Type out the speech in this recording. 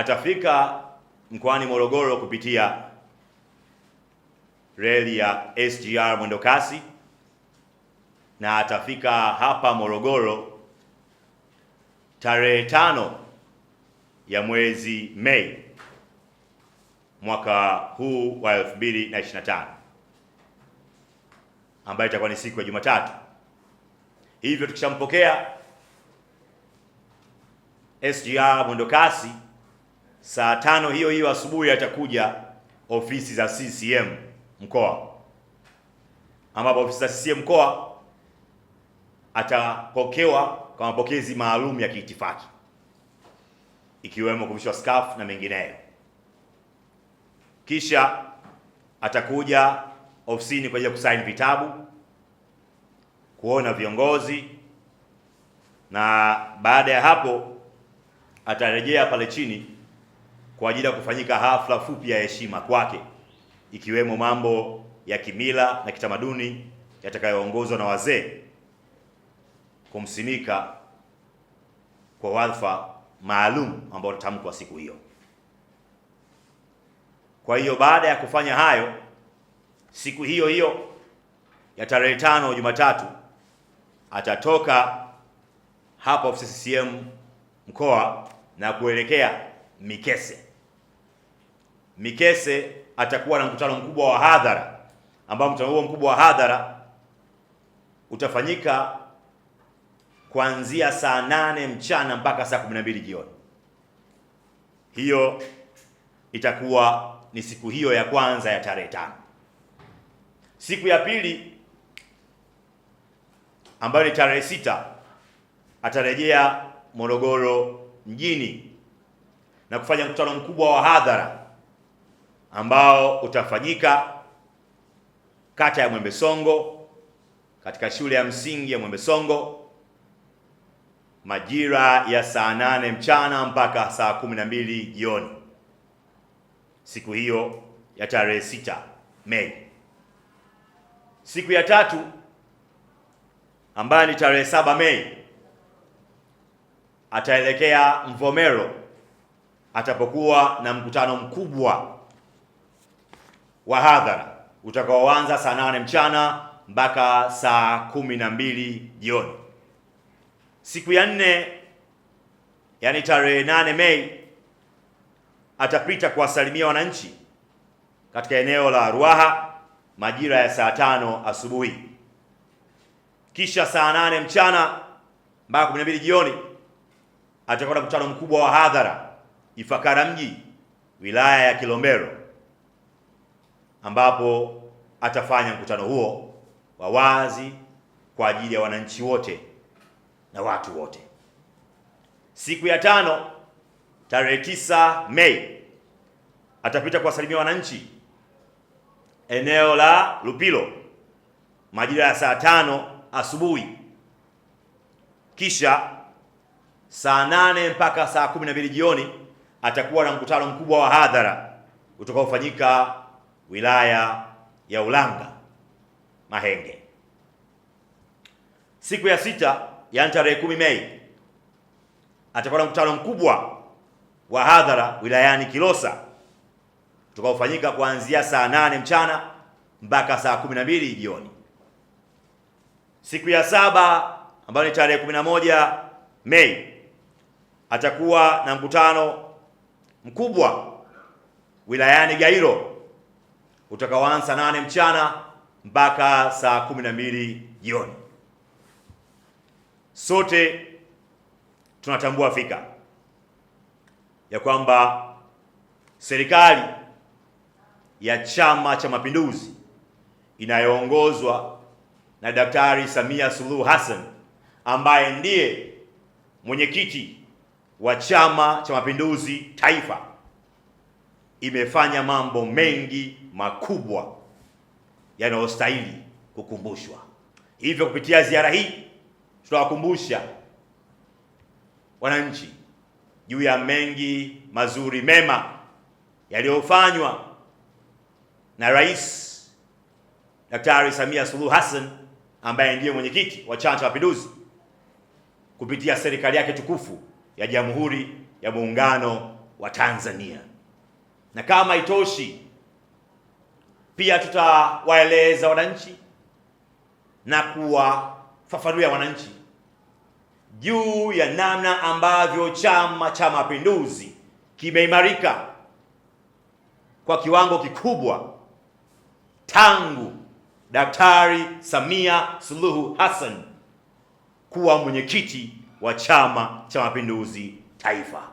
atafika mkoani Morogoro kupitia reli ya SGR mwendokasi na atafika hapa Morogoro tarehe tano ya mwezi Mei mwaka huu wa 2025 ambayo itakuwa ni siku ya Jumatatu. Hivyo tukishampokea SGR mwendokasi saa tano hiyo hiyo asubuhi atakuja ofisi za CCM mkoa, ambapo ofisi za CCM mkoa atapokewa kwa mapokezi maalum ya kiitifaki ikiwemo kuvishwa skafu na mengineyo. Kisha atakuja ofisini kwa ajili ya kusaini vitabu, kuona viongozi, na baada ya hapo atarejea pale chini kwa ajili ya kufanyika hafla fupi ya heshima kwake, ikiwemo mambo ya kimila na kitamaduni yatakayoongozwa na wazee kumsimika kwa wadhifa maalum ambao utatamkwa siku hiyo. Kwa hiyo baada ya kufanya hayo, siku hiyo hiyo ya tarehe tano Jumatatu atatoka hapa ofisi CCM mkoa na kuelekea Mikese. Mikese atakuwa na mkutano mkubwa wa hadhara ambao mkutano huo mkubwa wa hadhara utafanyika kuanzia saa nane mchana mpaka saa 12 jioni. Hiyo itakuwa ni siku hiyo ya kwanza ya tarehe tano. Siku ya pili ambayo ni tarehe sita atarejea Morogoro mjini na kufanya mkutano mkubwa wa hadhara ambao utafanyika kata ya Mwembesongo katika shule ya msingi ya Mwembesongo majira ya saa nane mchana mpaka saa kumi na mbili jioni siku hiyo ya tarehe sita Mei. Siku ya tatu ambayo ni tarehe saba Mei ataelekea Mvomero atapokuwa na mkutano mkubwa wa hadhara utakaoanza saa nane mchana mpaka saa kumi na mbili jioni. Siku ya nne, yani tarehe nane Mei, atapita kuwasalimia wananchi katika eneo la Ruaha majira ya saa tano asubuhi, kisha saa nane mchana mpaka kumi na mbili jioni atakuwa na mkutano mkubwa wa hadhara Ifakara mji wilaya ya Kilombero ambapo atafanya mkutano huo wa wazi kwa ajili ya wananchi wote na watu wote. Siku ya tano tarehe tisa Mei atapita kuwasalimia wananchi eneo la Lupilo majira ya saa tano asubuhi, kisha saa nane mpaka saa kumi na mbili jioni atakuwa na mkutano mkubwa wa hadhara utakaofanyika wilaya ya Ulanga Mahenge. Siku ya sita yaani tarehe 10 Mei atakuwa na mkutano mkubwa wa hadhara wilayani Kilosa utakaofanyika kuanzia saa nane mchana mpaka saa mbili jioni. Siku ya saba ambayo ni tarehe moja Mei atakuwa na mkutano mkubwa wilayani Gairo utakaoanza nane mchana mpaka saa kumi na mbili jioni. Sote tunatambua fika ya kwamba serikali ya Chama cha Mapinduzi inayoongozwa na Daktari Samia Suluhu Hassan ambaye ndiye mwenyekiti wa Chama cha Mapinduzi Taifa imefanya mambo mengi makubwa yanayostahili kukumbushwa. Hivyo kupitia ziara hii tutawakumbusha wananchi juu ya mengi mazuri mema yaliyofanywa na Rais Daktari Samia Suluhu Hassan ambaye ndiye mwenyekiti wa Chama cha Mapinduzi kupitia serikali yake tukufu ya Jamhuri ya Muungano wa Tanzania. Na kama itoshi pia tutawaeleza wananchi na kuwafafanulia wananchi juu ya namna ambavyo Chama cha Mapinduzi kimeimarika kwa kiwango kikubwa tangu Daktari Samia Suluhu Hassan kuwa mwenyekiti wa Chama cha Mapinduzi Taifa.